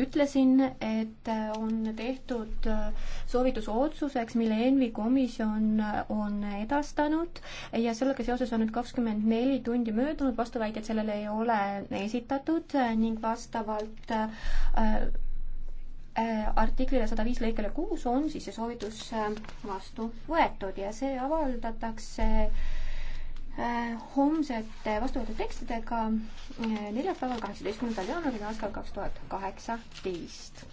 ütlesin, et on tehtud soovitus otsuseks, mille ENVI komisjon on edastanud ja sellega seoses on nüüd kakskümmend neli tundi möödunud, vastuväiteid sellele ei ole esitatud ning vastavalt äh, artiklile sada viis lõikele kuus on siis see soovitus äh, vastu võetud ja see avaldatakse homsete vastuvõetud tekstidega eh, neljapäeval, kaheksateistkümnendal jaanuaril aastal kaks tuhat kaheksateist.